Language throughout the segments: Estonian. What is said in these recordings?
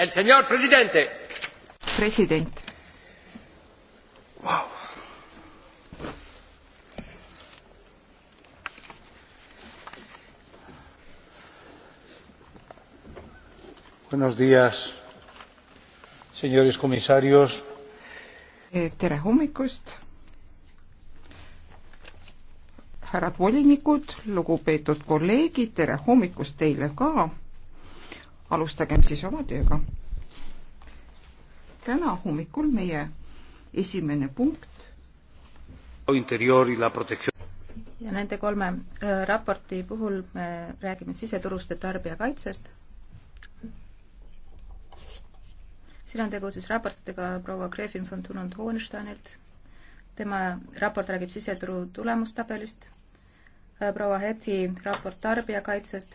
El señor presidente. President. Wow. Buenos días, señores comisarios. Eh, tere hommikust, härrad volinikud, lugupeetud kolleegid, tere hommikust teile ka alustagem siis oma tööga. täna hommikul meie esimene punkt. ja nende kolme äh, raporti puhul me äh, räägime siseturust ja tarbijakaitsest. siin on tegu siis raportitega proua Gräfin von Tunund Hohensteinilt. tema raport räägib siseturu tulemustabelist, äh, proua Heti raport tarbijakaitsest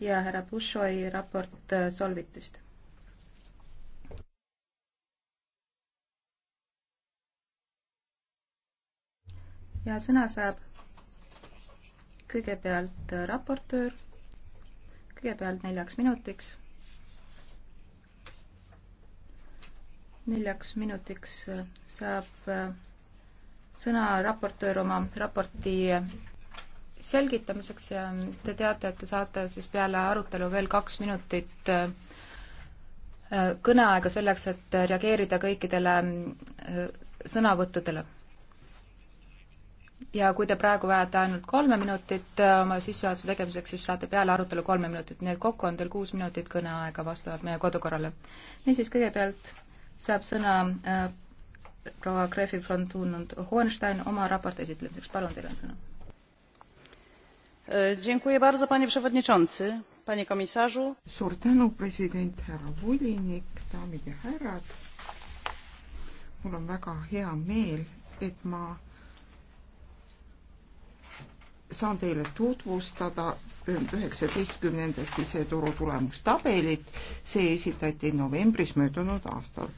ja härra Bushoi raport äh, solvitist ja sõna saab kõigepealt äh, raportöör, kõigepealt neljaks minutiks. neljaks minutiks äh, saab sõna raportöör oma raporti selgitamiseks ja te teate, et te saate siis peale arutelu veel kaks minutit äh, kõneaega selleks, et reageerida kõikidele äh, sõnavõttudele. ja kui te praegu vajate ainult kolme minutit äh, oma sissejuhatuse tegemiseks, siis saate peale arutelu kolme minutit, nii et kokku on teil kuus minutit kõneaega vastavalt meie kodukorrale. niisiis, kõigepealt saab sõna proua Grefi von Thunund Hohenstein oma raporti esitlemiseks, palun, teil on sõna E, dziękuję bardzo, panie przewodniczący, panie komisarzu. suur tänu, president, härra volinik, daamid ja härrad. mul on väga hea meel, et ma saan teile tutvustada üheksateistkümnendat siseturu tulemustabelit. see esitati novembris möödunud aastal.